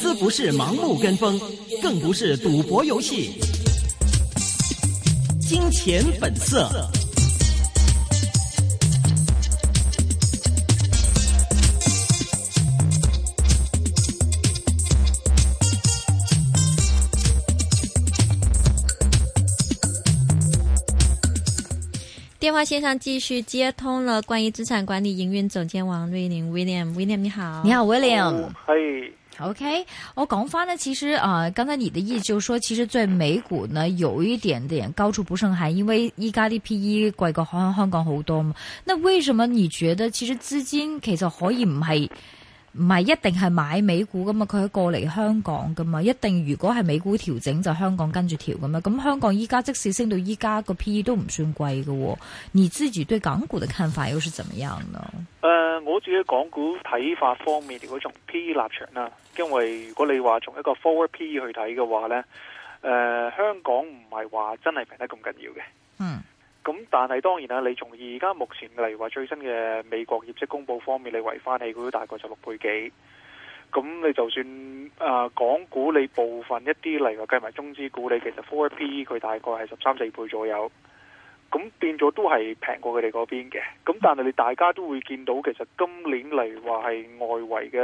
這不是盲目跟風，更不是賭博遊戲。金錢本色。電話線上繼續接通了，關於資產管理營運總監王瑞麟 William，William 你好，你好 William，oh, hi. Okay，我講翻呢，其實啊，剛、呃、才你的意思就是說，其實在美股呢，有一點點高處不勝寒，因為依家啲 P E 貴過香香港好多嘛。那為什麼你覺得其實資金其實可以唔係？唔係一定係買美股噶嘛，佢係過嚟香港噶嘛，一定如果係美股調整就香港跟住調噶嘛。咁香港依家即使升到依家個 P E 都唔算貴噶喎。你自己對港股嘅看法又是怎麼樣呢？誒、呃，我自己港股睇法方面，如果從 P E 立場啦，因為如果你話從一個 forward P E 去睇嘅話咧，誒、呃，香港唔係話真係平得咁緊要嘅。嗯。咁，但係當然啦，你從而家目前，例如話最新嘅美國業績公佈方面，你維翻起，佢都大概十六倍幾。咁你就算誒、呃、港股，你部分一啲，例如計埋中資股，你其實 four P 佢大概係十三四倍左右。咁變咗都係平過佢哋嗰邊嘅。咁但係你大家都會見到，其實今年嚟話係外圍嘅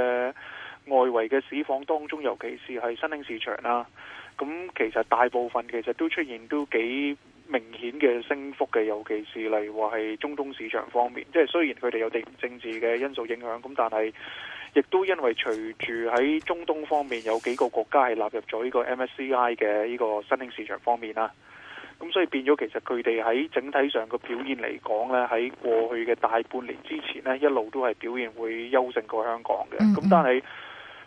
外圍嘅市況當中，尤其是係新興市場啦、啊。咁其實大部分其實都出現都幾明顯嘅升幅嘅，尤其是例如話係中東市場方面，即係雖然佢哋有地政治嘅因素影響，咁但係亦都因為隨住喺中東方面有幾個國家係納入咗呢個 MSCI 嘅呢個新興市場方面啦，咁所以變咗其實佢哋喺整體上嘅表現嚟講呢，喺過去嘅大半年之前呢，一路都係表現會優勝過香港嘅，咁但係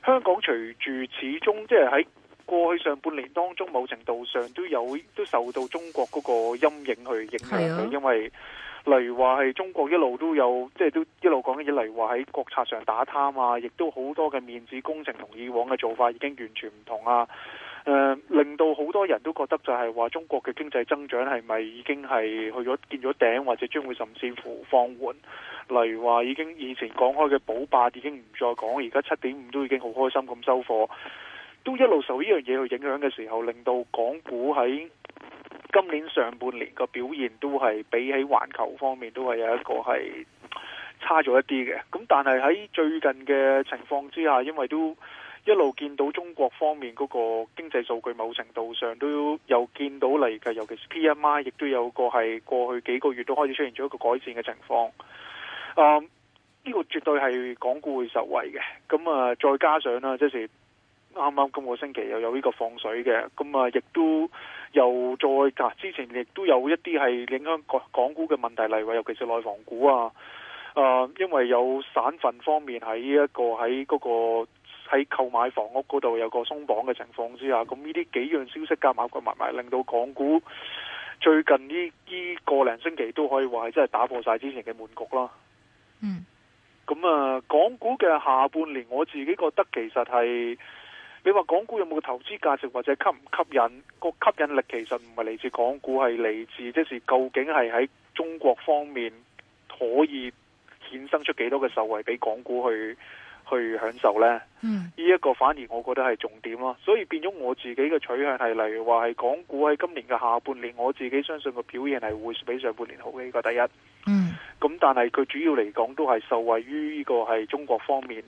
香港隨住始終即係喺。過去上半年當中，某程度上都有都受到中國嗰個陰影去影響嘅，啊、因為例如話係中國一路都有即係都一路講緊嘢，例如話喺國策上打貪啊，亦都好多嘅面子工程同以往嘅做法已經完全唔同啊。誒、呃，令到好多人都覺得就係話中國嘅經濟增長係咪已經係去咗見咗頂，或者將會甚至乎放緩？例如話已經以前講開嘅保八已經唔再講，而家七點五都已經好開心咁收貨。都一路受呢樣嘢，去影響嘅時候，令到港股喺今年上半年個表現都係比起環球方面都係有一個係差咗一啲嘅。咁、嗯、但係喺最近嘅情況之下，因為都一路見到中國方面嗰個經濟數據，某程度上都有見到嚟嘅，尤其是 PMI，亦都有個係過去幾個月都開始出現咗一個改善嘅情況，啊、嗯，呢、這個絕對係港股會受惠嘅。咁、嗯、啊，再加上啦，即、就是。啱啱今個星期又有呢個放水嘅，咁啊，亦都又再嗱，之前亦都有一啲係影響港股嘅問題，例如話尤其是內房股啊，啊，因為有省份方面喺呢一個喺嗰、嗰個喺購買房屋嗰度有個鬆綁嘅情況之下，咁呢啲幾樣消息夾埋夾埋，埋令到港股最近呢呢個零星期都可以話係真係打破晒之前嘅悶局啦。嗯，咁啊，港股嘅下半年我自己覺得其實係。你話港股有冇投資價值或者吸唔吸引？個吸引力其實唔係嚟自港股，係嚟自即是究竟係喺中國方面可以衍生出幾多嘅受惠俾港股去去享受呢？嗯，呢一個反而我覺得係重點咯。所以變咗我自己嘅取向係，例如話係港股喺今年嘅下半年，我自己相信個表現係會比上半年好嘅呢個第一。Mm. 嗯，咁但係佢主要嚟講都係受惠於呢個係中國方面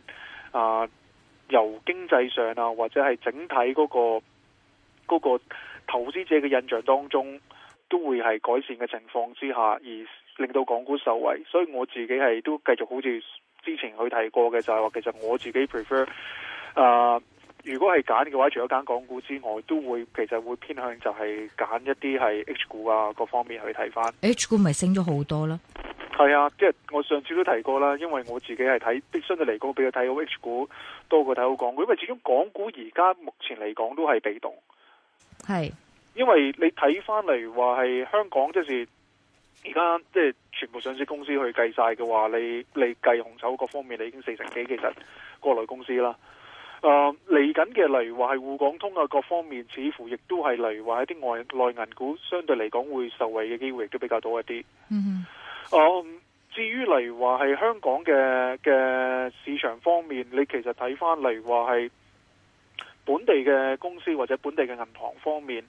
啊。由經濟上啊，或者係整體嗰個嗰個投資者嘅印象當中，都會係改善嘅情況之下，而令到港股受惠。所以我自己係都繼續好似之前去提過嘅，就係話其實我自己 prefer 啊，呃，如果係揀嘅話，除咗揀港股之外，都會其實會偏向就係揀一啲係 H 股啊，各方面去睇翻。H 股咪升咗好多啦～係啊，即係我上次都提過啦，因為我自己係睇相對嚟講，比較睇好 H 股多過睇好港股，因為始終港股而家目前嚟講都係被動。係，因為你睇翻嚟話係香港，即係而家即係全部上市公司去計晒嘅話，你你計紅籌各方面，你已經四成幾，其實國內公司啦。誒，嚟緊嘅例如話係滬港通啊，各方面似乎亦都係例如話一啲外內銀股，相對嚟講會受惠嘅機會亦都比較多一啲。嗯。嗯、至於例如話係香港嘅嘅市場方面，你其實睇翻例如嚟話係本地嘅公司或者本地嘅銀行方面，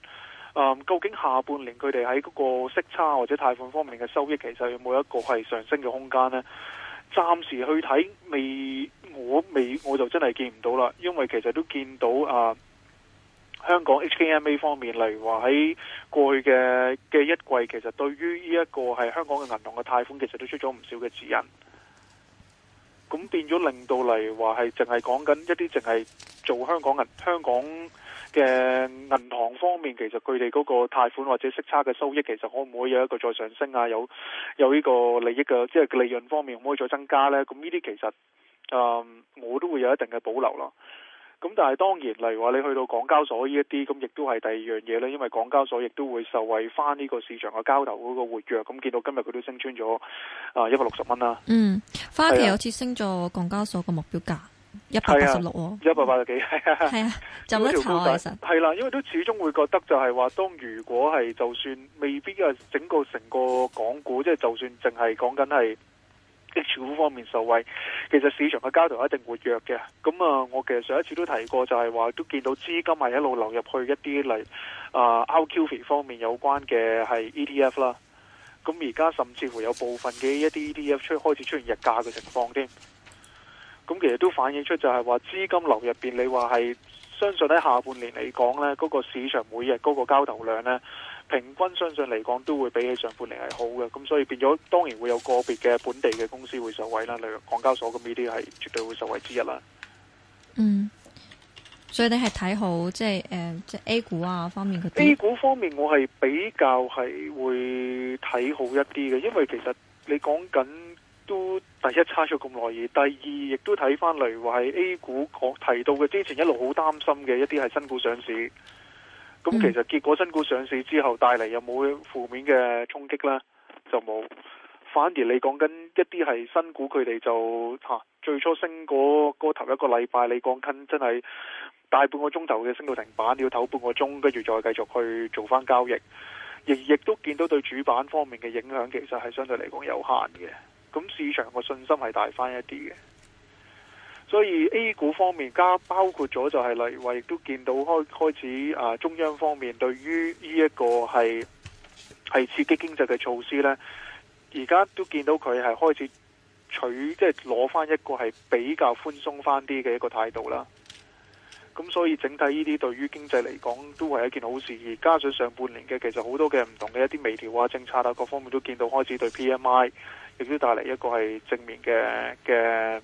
嗯，究竟下半年佢哋喺嗰個息差或者貸款方面嘅收益，其實有冇一個係上升嘅空間呢？暫時去睇未，我未我就真係見唔到啦，因為其實都見到啊。呃香港 HKMA 方面，例如話喺過去嘅嘅一季，其實對於呢一個係香港嘅銀行嘅貸款，其實都出咗唔少嘅指引。咁變咗令到嚟話係淨係講緊一啲淨係做香港銀香港嘅銀行方面，其實佢哋嗰個貸款或者息差嘅收益，其實可唔可以有一個再上升啊？有有呢個利益嘅，即係利潤方面可唔可以再增加呢？咁呢啲其實，誒、嗯，我都會有一定嘅保留咯。咁但係當然，例如話你去到港交所呢一啲，咁亦都係第二樣嘢啦，因為港交所亦都會受惠翻呢個市場嘅交投嗰個活躍。咁見到今日佢都升穿咗啊一百六十蚊啦。嗯，花旗好似、啊、升咗港交所嘅目標價一百八十六，一百八十幾。係啊，冇乜錯啊，其實係啦、啊，因為都始終會覺得就係話，當如果係就算未必啊整個成個港股，即、就、係、係、就算淨係講緊係。即係財富方面受惠，其實市場嘅交投一定活躍嘅。咁啊，我其實上一次都提過就，就係話都見到資金係一路流入去一啲嚟啊 equity 方面有關嘅係 ETF 啦。咁而家甚至乎有部分嘅一啲 ETF 出開始出現溢價嘅情況添。咁其實都反映出就係話資金流入邊，你話係相信喺下半年嚟講呢，嗰、嗰個市場每日嗰個交投量呢。平均相信嚟講都會比起上半年係好嘅，咁所以變咗當然會有個別嘅本地嘅公司會受惠啦，例如港交所咁呢啲係絕對會受惠之一啦。嗯，所以你係睇好即係誒，即係、呃、A 股啊方面嘅。A 股方面，我係比較係會睇好一啲嘅，因為其實你講緊都第一差咗咁耐嘢，第二亦都睇翻嚟話係 A 股講提到嘅之前一路好擔心嘅一啲係新股上市。咁、嗯、其實結果新股上市之後帶嚟，有冇負面嘅衝擊呢？就冇，反而你講緊一啲係新股，佢哋就吓最初升嗰、那、嗰、個、頭一個禮拜，你講緊真係大半個鐘頭嘅升到停板，你要唞半個鐘，跟住再繼續去做翻交易，亦亦都見到對主板方面嘅影響，其實係相對嚟講有限嘅。咁市場個信心係大翻一啲嘅。所以 A 股方面，加包括咗就係例如，我亦都見到開開始啊，中央方面對於呢一個係係刺激經濟嘅措施咧，而家都見到佢係開始取即係攞翻一個係比較寬鬆翻啲嘅一個態度啦。咁所以整體呢啲對於經濟嚟講都係一件好事，而加上上半年嘅其實好多嘅唔同嘅一啲微調啊政策啊各方面都見到開始對 PMI 亦都帶嚟一個係正面嘅嘅。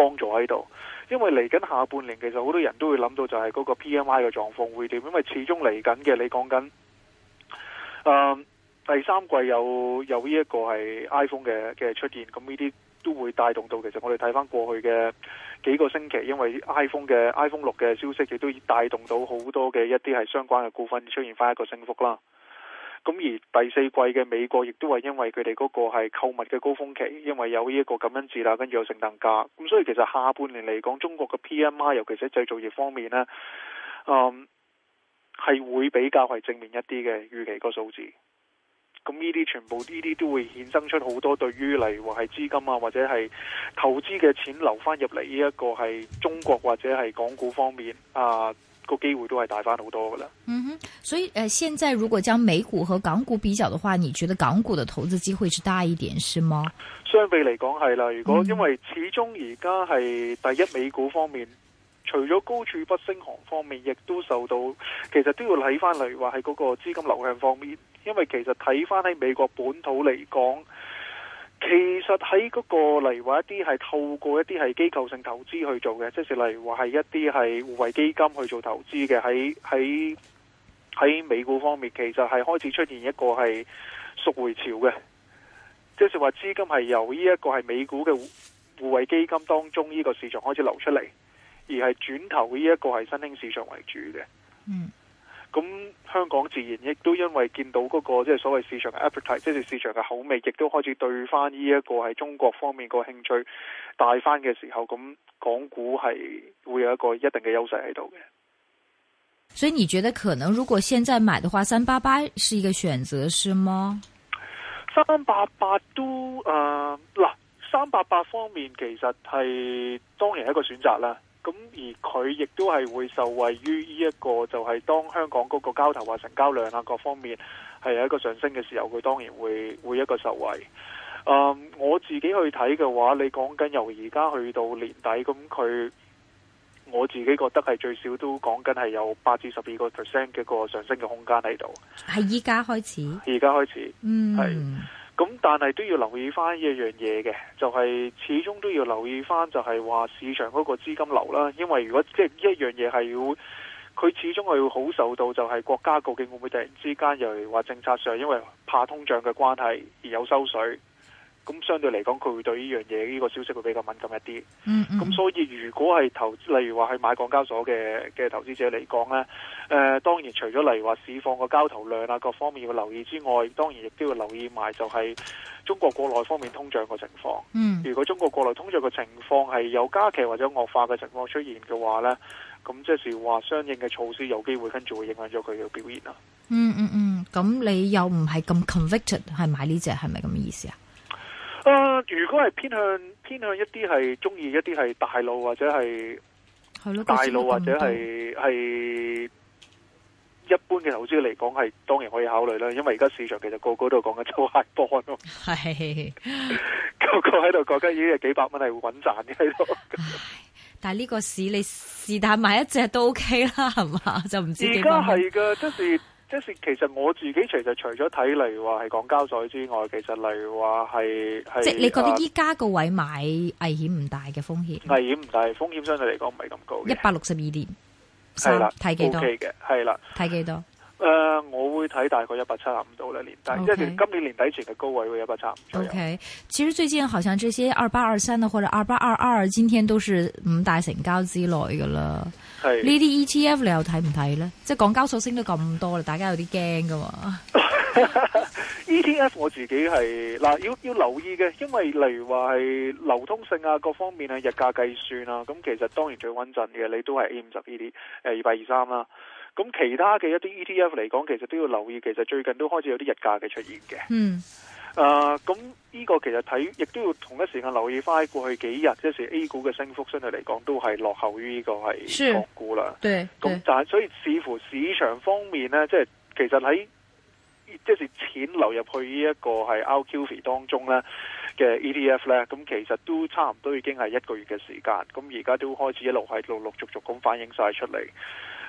幫助喺度，因為嚟緊下，下半年，其實好多人都會諗到就係嗰個 PMI 嘅狀況會點，因為始終嚟緊嘅，你講緊，誒、呃、第三季有有呢一個係 iPhone 嘅嘅出現，咁呢啲都會帶動到，其實我哋睇翻過去嘅幾個星期，因為 iPhone 嘅 iPhone 六嘅消息亦都帶動到好多嘅一啲係相關嘅股份出現翻一個升幅啦。咁而第四季嘅美國亦都係因為佢哋嗰個係購物嘅高峰期，因為有呢一個感恩節啦，跟住有聖誕假，咁所以其實下半年嚟講，中國嘅 PMI，尤其是製造業方面呢，嗯，係會比較係正面一啲嘅預期個數字。咁呢啲全部呢啲都會衍生出好多對於嚟話係資金啊，或者係投資嘅錢流翻入嚟呢一個係中國或者係港股方面啊。個機會都係大翻好多噶啦，嗯哼，所以誒、呃，現在如果將美股和港股比較的話，你覺得港股的投資機會是大一點，是嗎？相比嚟講係啦，如果因為始終而家係第一美股方面，嗯、除咗高處不勝寒方面，亦都受到，其實都要睇翻嚟話喺嗰個資金流向方面，因為其實睇翻喺美國本土嚟講。其實喺嗰個嚟話一啲係透過一啲係機構性投資去做嘅，即係例如話係一啲係互惠基金去做投資嘅，喺喺喺美股方面，其實係開始出現一個係贖回潮嘅，即係話資金係由呢一個係美股嘅互惠基金當中呢個市場開始流出嚟，而係轉投呢一個係新興市場為主嘅，嗯。咁香港自然亦都因為見到嗰、那個即係、就是、所謂市場嘅 appetite，即係市場嘅口味，亦都開始對翻呢一個喺中國方面個興趣大翻嘅時候，咁港股係會有一個一定嘅優勢喺度嘅。所以你覺得可能如果現在買的話，三八八是一個選擇，是嗎？三八八都誒嗱、呃，三八八方面其實係當然係一個選擇啦。咁而佢亦都係會受惠於呢一個，就係、是、當香港嗰個交投啊、成交量啊各方面係有一個上升嘅時候，佢當然會會一個受惠。嗯、um，我自己去睇嘅話，你講緊由而家去到年底，咁佢我自己覺得係最少都講緊係有八至十二個 percent 嘅個上升嘅空間喺度。係依家開始，而家開始，嗯，係。咁、嗯、但係都要留意翻一樣嘢嘅，就係、是、始終都要留意翻，就係話市場嗰個資金流啦。因為如果即係、就是、一樣嘢係要，佢始終係會好受到，就係國家究竟會唔會突然之間又係話政策上，因為怕通脹嘅關係而有收水。咁相對嚟講，佢會對呢樣嘢呢個消息會比較敏感一啲。咁、mm hmm. 所以，如果係投資例如話係買港交所嘅嘅投資者嚟講咧，誒、呃，當然除咗例如話市況個交投量啊，各方面要留意之外，當然亦都要留意埋就係中國國內方面通脹個情況。Mm hmm. 如果中國國內通脹個情況係有加劇或者惡化嘅情況出現嘅話咧，咁即係話相應嘅措施有機會跟住會影響咗佢嘅表現啦。嗯嗯、mm hmm. 嗯，咁、hmm. 你又唔係咁 convicted 係買呢隻，係咪咁嘅意思啊？誒、呃，如果係偏向偏向一啲係中意一啲係大路或者係係咯大路或者係係一般嘅投資嚟講係當然可以考慮啦，因為而家市場其實個個都講緊炒鞋波咯，係的 個個喺度覺得已經係幾百蚊係穩賺嘅喺度。但係呢個市你是但買一隻都 OK 啦，係嘛？就唔知而家係嘅，即是。即是其實我自己其實除咗睇例如話係港交所之外，其實例如話係係。即係你覺得依家個位買危險唔大嘅風險？危險唔大，風險相對嚟講唔係咁高嘅。一百六十二年，係啦。睇幾多嘅，係啦、okay。睇幾多？誒，uh, 我會睇大概一百七十五度咧，年底即係今年年底前嘅高位會一百七十五度。OK，其實最近好像這些二八二三的或者二八二二，今天都是五大成交之內嘅啦。呢啲 ETF 你又睇唔睇呢？即係港交所升得咁多啦，大家有啲驚噶。 ETF 我自己係嗱要要留意嘅，因為例如話係流通性啊，各方面啊，日價計算啦。咁其實當然最穩陣嘅你都係 A 五十呢啲誒，二百二三啦。咁其他嘅一啲 ETF 嚟講，其實都要留意，其實最近都開始有啲日價嘅出現嘅。嗯。誒，咁呢個其實睇，亦都要同一時間留意翻過去幾日，即是 A 股嘅升幅相對嚟講都係落後於呢個係港股啦。對。咁但係所以視乎市場方面咧，即係其實喺，即是錢流入去呢一個係 RQFII 當中咧嘅 ETF 咧，咁其實都差唔多已經係一個月嘅時間，咁而家都開始一路係陸陸續續咁反映晒出嚟。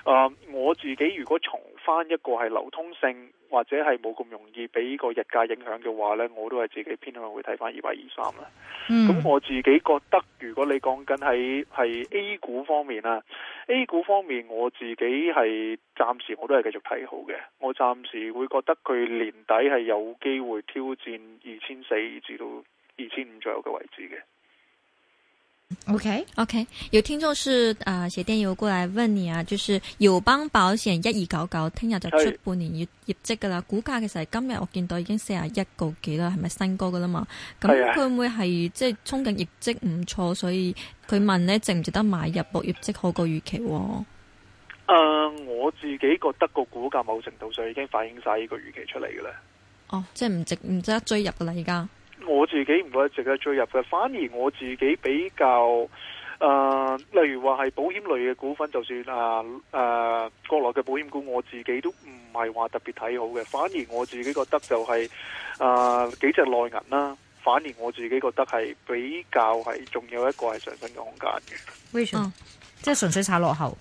啊！Uh, 我自己如果重翻一個係流通性或者係冇咁容易俾個日價影響嘅話呢我都係自己偏向會睇翻二八二三啦。咁、嗯、我自己覺得，如果你講緊喺係 A 股方面啊，A 股方面我自己係暫時我都係繼續睇好嘅。我暫時會覺得佢年底係有機會挑戰二千四至到二千五左右嘅位置嘅。OK OK，有聽眾是啊寫電郵過來問你啊，就是友邦保險一二九九聽日就出半年是業業績噶啦，股價其實今日我見到已經四十一個幾啦，係咪新高噶啦嘛？咁佢會唔會係即係憧憬業績唔錯，所以佢問咧值唔值得買入？或業績好過預期，哦？誒、呃，我自己覺得個股價某程度上已經反映晒呢個預期出嚟嘅喇。哦，即係唔值唔值得追入噶啦而家。我自己唔覺得值得追入嘅，反而我自己比較誒、呃，例如話係保險類嘅股份，就算誒誒、呃呃、國內嘅保險股，我自己都唔係話特別睇好嘅。反而我自己覺得就係、是、誒、呃、幾隻內銀啦，反而我自己覺得係比較係仲有一個係上升嘅空間嘅。為什麼、啊，即係純粹炒落後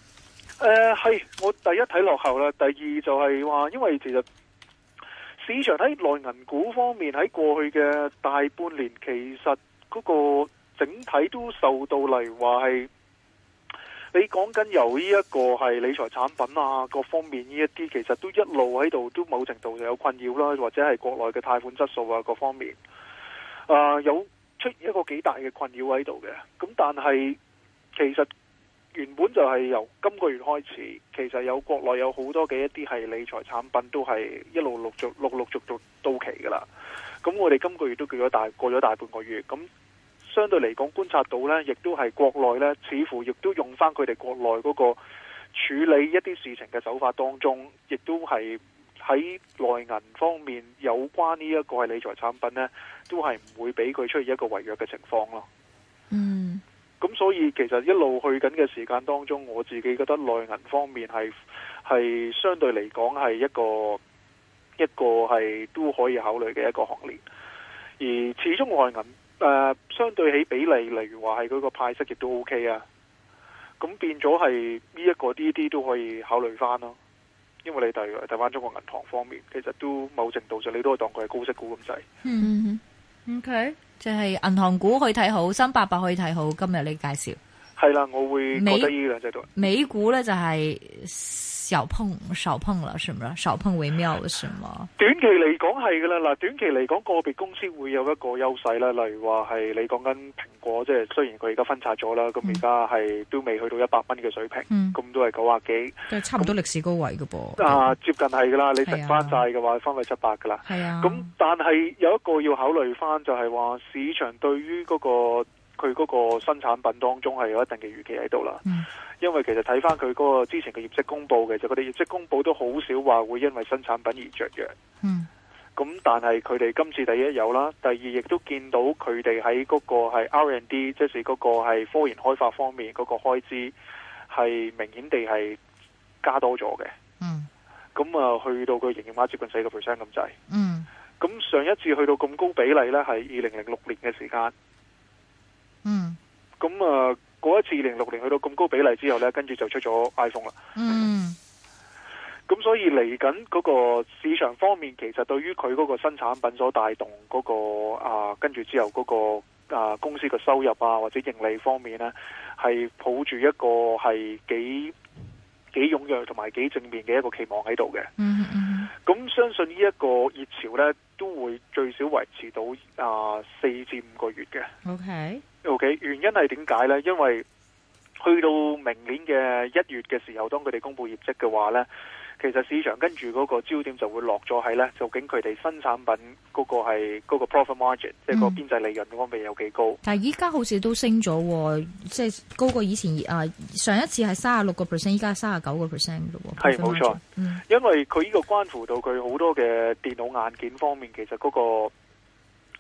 誒，係、呃、我第一睇落後啦，第二就係話，因為其實。市場喺內銀股方面喺過去嘅大半年，其實嗰個整體都受到例如話係，你講緊由呢一個係理財產品啊，各方面呢一啲，其實都一路喺度都某程度就有困擾啦，或者係國內嘅貸款質素啊，各方面啊、呃、有出現一個幾大嘅困擾喺度嘅，咁但係其實。原本就係由今個月開始，其實有國內有好多嘅一啲係理財產品都係一路陸續、陸陸續續到期噶啦。咁我哋今個月都叫咗大，過咗大半個月，咁相對嚟講觀察到呢，亦都係國內呢，似乎亦都用翻佢哋國內嗰個處理一啲事情嘅手法當中，亦都係喺內銀方面有關呢一個係理財產品呢，都係唔會俾佢出現一個違約嘅情況咯。嗯。所以其實一路去緊嘅時間當中，我自己覺得內銀方面係係相對嚟講係一個一個係都可以考慮嘅一個行列。而始終外銀誒相對起比例，例如話係嗰個派息亦都 OK 啊。咁變咗係呢一個啲啲都可以考慮翻咯。因為你睇睇翻中國銀行方面，其實都某程度上你都係當佢係高息股咁滯。嗯嗯、mm hmm.，OK。即係銀行股可以睇好，新八百可以睇好。今日呢介紹，係啦，我會覺得依個制度。美股呢就係、是。少碰少碰啦，是咪啊？少碰為妙，是嘛？短期嚟講係噶啦，嗱，短期嚟講個別公司會有一個優勢啦，例如話係你講緊蘋果，即係雖然佢而家分拆咗啦，咁而家係都未去到一百蚊嘅水平，咁、嗯、都係九啊幾，都係、嗯、差唔多歷史高位噶噃，那啊，嗎接近係噶啦，你食翻晒嘅話分，翻到七八噶啦，係啊，咁、啊、但係有一個要考慮翻就係話市場對於嗰、那個。佢嗰個新產品當中係有一定嘅預期喺度啦，嗯，因為其實睇翻佢嗰個之前嘅業績公布嘅，就佢哋業績公布都好少話會因為新產品而着藥。嗯，咁但係佢哋今次第一有啦，第二亦都見到佢哋喺嗰個係 R&D，n 即係嗰個係科研開發方面嗰個開支係明顯地係加多咗嘅。嗯，咁啊去到個營業額接近四個 percent 咁滯，嗯，咁上一次去到咁高比例咧，係二零零六年嘅時間。咁啊，嗰一次零六年去到咁高比例之後呢，跟住就出咗 iPhone 啦。嗯，咁所以嚟緊嗰個市場方面，其實對於佢嗰個新產品所帶動嗰個啊，跟住之後嗰個啊公司嘅收入啊或者盈利方面呢，係抱住一個係幾幾踴躍同埋幾正面嘅一個期望喺度嘅。咁、嗯嗯、相信呢一個熱潮呢，都會最少維持到啊四至五個月嘅。O K。OK，原因係點解咧？因為去到明年嘅一月嘅時候，當佢哋公布業績嘅話咧，其實市場跟住嗰個焦點就會落咗喺咧，究竟佢哋新產品嗰個係嗰個 profit margin，、嗯、即係個邊際利潤嗰方面有幾高？但係依家好似都升咗、哦，即、就、係、是、高過以前，啊，上一次係三十六個 percent，依家三十九個 percent 咯。係冇錯，因為佢呢個關乎到佢好多嘅電腦硬件方面，其實嗰、那個。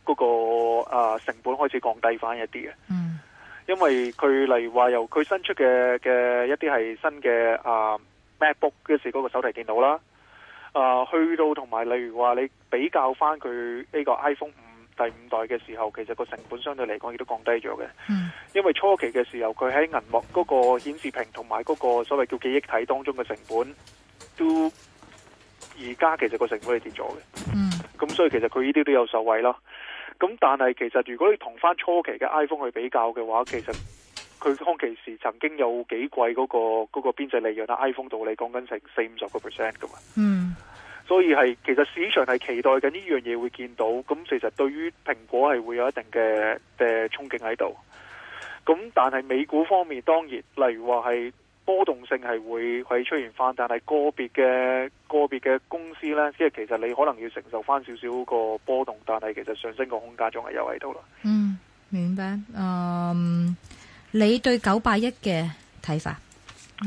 嗰、那個啊、呃、成本開始降低翻一啲嘅，嗯、因為佢例如話由佢新出嘅嘅一啲係新嘅啊 MacBook 嗰時嗰個手提電腦啦，啊、呃、去到同埋例如話你比較翻佢呢個 iPhone 五第五代嘅時候，其實個成本相對嚟講亦都降低咗嘅，嗯、因為初期嘅時候佢喺銀幕嗰個顯示屏同埋嗰個所謂叫記憶體當中嘅成本都而家其實個成本係跌咗嘅，咁、嗯、所以其實佢呢啲都有受惠咯。咁、嗯、但係其實如果你同翻初期嘅 iPhone 去比較嘅話，其實佢康期時曾經有幾貴嗰個嗰、嗰個邊際利潤啦，iPhone 到你講緊成四五十個 percent 噶嘛。嗯，所以係其實市場係期待緊呢樣嘢會見到，咁其實對於蘋果係會有一定嘅嘅憧憬喺度。咁但係美股方面，當然例如話係。波動性係會係出現翻，但係個別嘅個別嘅公司呢，即係其實你可能要承受翻少少個波動，但係其實上升個空間仲係有喺度啦。嗯，明白。嗯，um，你對九八一嘅睇法，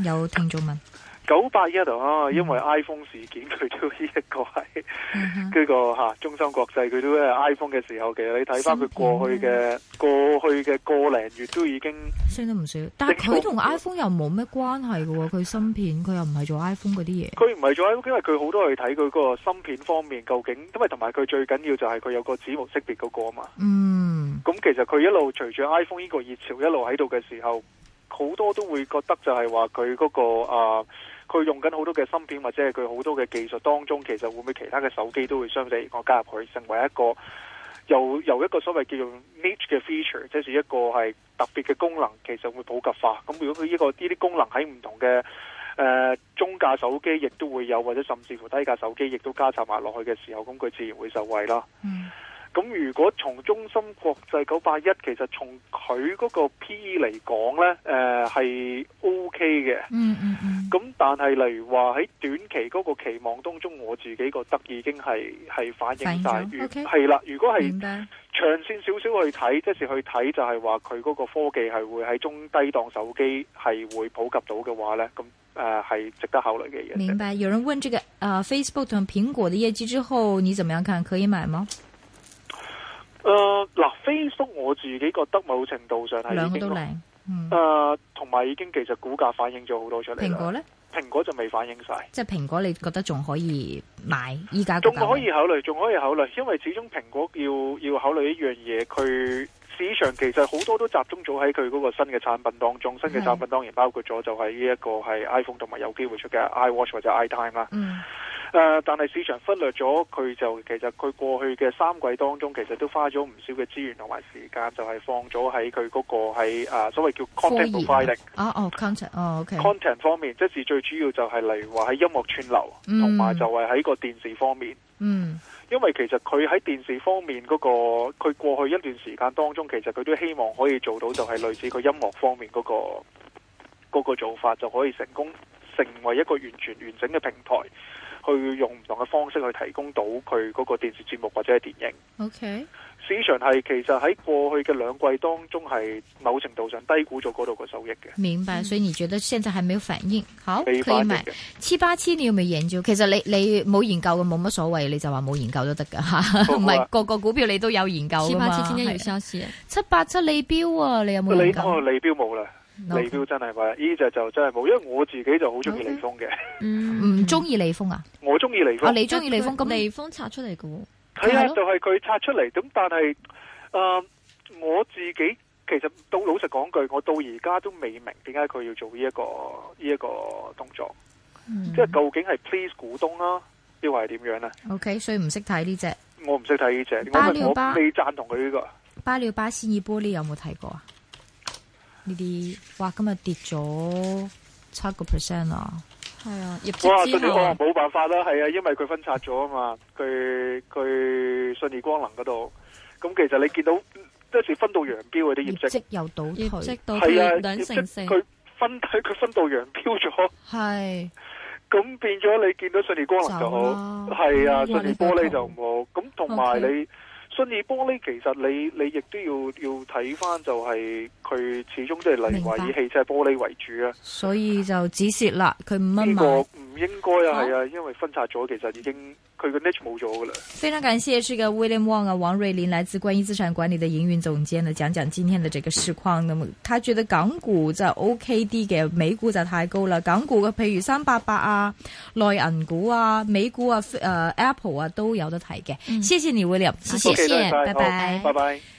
有聽眾問。咳咳九八一啊，因為 iPhone 事件佢都一個係呢、嗯哼呢個吓、啊、中芯國際佢都喺 iPhone 嘅時候，其實你睇翻佢過去嘅過去嘅個零月都已經升得唔少。但係佢同 iPhone 又冇咩關係嘅，佢 芯片佢又唔係做 iPhone 嗰啲嘢。佢唔係做 iPhone，因為佢好多係睇佢個芯片方面究竟，因為同埋佢最緊要就係佢有個指模識別嗰個啊嘛嗯嗯。嗯，咁其實佢一路隨住 iPhone 呢個熱潮一路喺度嘅時候，好多都會覺得就係話佢嗰個啊。佢用緊好多嘅芯片或者係佢好多嘅技術當中，其實會唔會其他嘅手機都會相對我加入佢成為一個由由一個所謂叫做 niche 嘅 feature，即係一個係特別嘅功能，其實會普及化。咁如果佢、這、呢個啲啲功能喺唔同嘅誒、呃、中價手機亦都會有，或者甚至乎低價手機亦都加插埋落去嘅時候，咁佢自然會受惠啦。嗯。咁如果從中芯國際九八一，其實從佢嗰個 P E 嚟講呢，誒係 O K 嘅。嗯嗯。咁但係例如話喺短期嗰個期望當中，我自己覺得已經係係反映晒。反映。O K。係 Okay. 啦，如果係長線少少去睇，即是去睇就係話佢嗰個科技係會喺中低檔手機係會普及到嘅話呢，咁誒係值得考慮嘅嘢。明白。有人問：這個啊、呃、Facebook 同蘋果的業績之後，你怎麼樣看？可以買嗎？誒，嗱、呃、Facebook 我自己覺得某程度上係已經，誒，同、嗯、埋、呃、已經其實股價反映咗好多出嚟啦。蘋果咧，蘋果就未反映晒。即係蘋果你覺得仲可以買，依家仲可以考慮，仲可以考慮，因為始終蘋果要要考慮一樣嘢，佢市場其實好多都集中咗喺佢嗰個新嘅產品當中，新嘅產品當然包括咗就係呢一個係 iPhone 同埋有機會出嘅 iWatch 或者 iTime 啦。Time，嗯誒、呃，但係市場忽略咗佢，就其實佢過去嘅三季當中，其實都花咗唔少嘅資源同埋時間，就係、是、放咗喺佢嗰個係啊、呃、所謂叫 content providing，哦 content 哦，content 方面，即是最主要就係例如話喺音樂串流，同埋就係喺個電視方面，嗯，因為其實佢喺電視方面嗰、那個，佢過去一段時間當中，其實佢都希望可以做到，就係類似佢音樂方面嗰、那個、那個做法，就可以成功成為一個完全完整嘅平台。去用唔同嘅方式去提供到佢嗰個電視節目或者係電影。OK，市場係其實喺過去嘅兩季當中係某程度上低估咗嗰度個收益嘅。明白，所以你覺得現在係冇反應？好，未反應嘅。七八七你有冇研究？其實你你冇研究嘅冇乜所謂，你就話冇研究都得噶吓，唔係個個股票你都有研究噶嘛？七八千一月上市，七八七利標啊，你有冇研究？你哦、利標冇啦。利標 No Okay. 真係話呢隻就真係冇，因為我自己就好中意利豐嘅。唔中意利豐啊？我中意利豐。你中意利豐，咁利豐拆出嚟嘅喎。係啊，就係佢拆出嚟。咁但係，誒、呃，我自己其實到老實講句，我到而家都未明點解佢要做呢、這、一個呢一、這個動作，嗯、即係究竟係 please 股東啦、啊，定係點樣咧、啊、？OK，所以唔識睇呢隻。我唔識睇呢隻。巴了巴，我未讚同佢呢、這個？巴了巴仙兒玻璃有冇睇過啊？呢啲哇，今日跌咗七個 percent 啊，係啊，信義。可能冇辦法啦，係啊，因為佢分拆咗啊嘛，佢佢信義光能嗰度。咁其實你見到即時分道揚鑣嗰啲業績又倒退，係啊，佢佢分佢分道揚鑣咗。係、啊，咁、啊、變咗你見到信義光能就好，係啊，信義玻璃就唔好。咁、啊、同埋你。Okay. 信義玻璃其實你你亦都要要睇翻，就係佢始終即係例如話以汽車玻璃為主啊，所以就止蝕啦，佢五蚊萬。呢個唔應該啊，係啊，啊，因為分拆咗其實已經。佢個 net 冇咗噶啦！非常感謝呢個 William Wong 啊，王瑞麟，來自冠益資產管理的營運總監呢、啊，講講今天的這個市況。那麼他覺得港股就 OK 啲嘅，美股就太高啦。港股嘅譬如三八八啊、內銀股啊、美股啊、誒、呃、Apple 啊都有得睇嘅、嗯。謝謝你，William，謝謝，拜拜，好拜拜。拜拜。